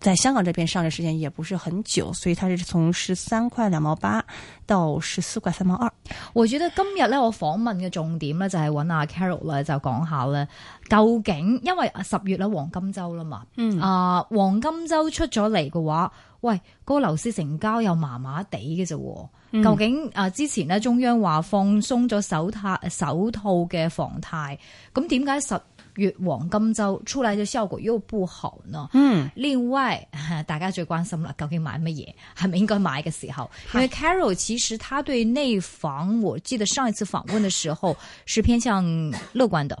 在香港這邊上嘅時間也不是很久，所以它是從十三塊兩毛八到十四塊三毛二。我覺得今日咧，我訪問嘅重點咧就係揾阿 Carol 咧就講下咧，究竟因為啊十月咧黃金周啦嘛，嗯啊黃金周出咗嚟嘅話，喂嗰個樓市成交又麻麻地嘅啫，究竟啊之前呢，中央話放鬆咗手貸首套嘅房貸，咁點解十？越黃金周出來的效果又不好呢。嗯，另外大家最關心啦，究竟買乜嘢係咪應該買嘅時候？哈因為 Carol 其實她對內房，我記得上一次訪問的時候是偏向樂觀的。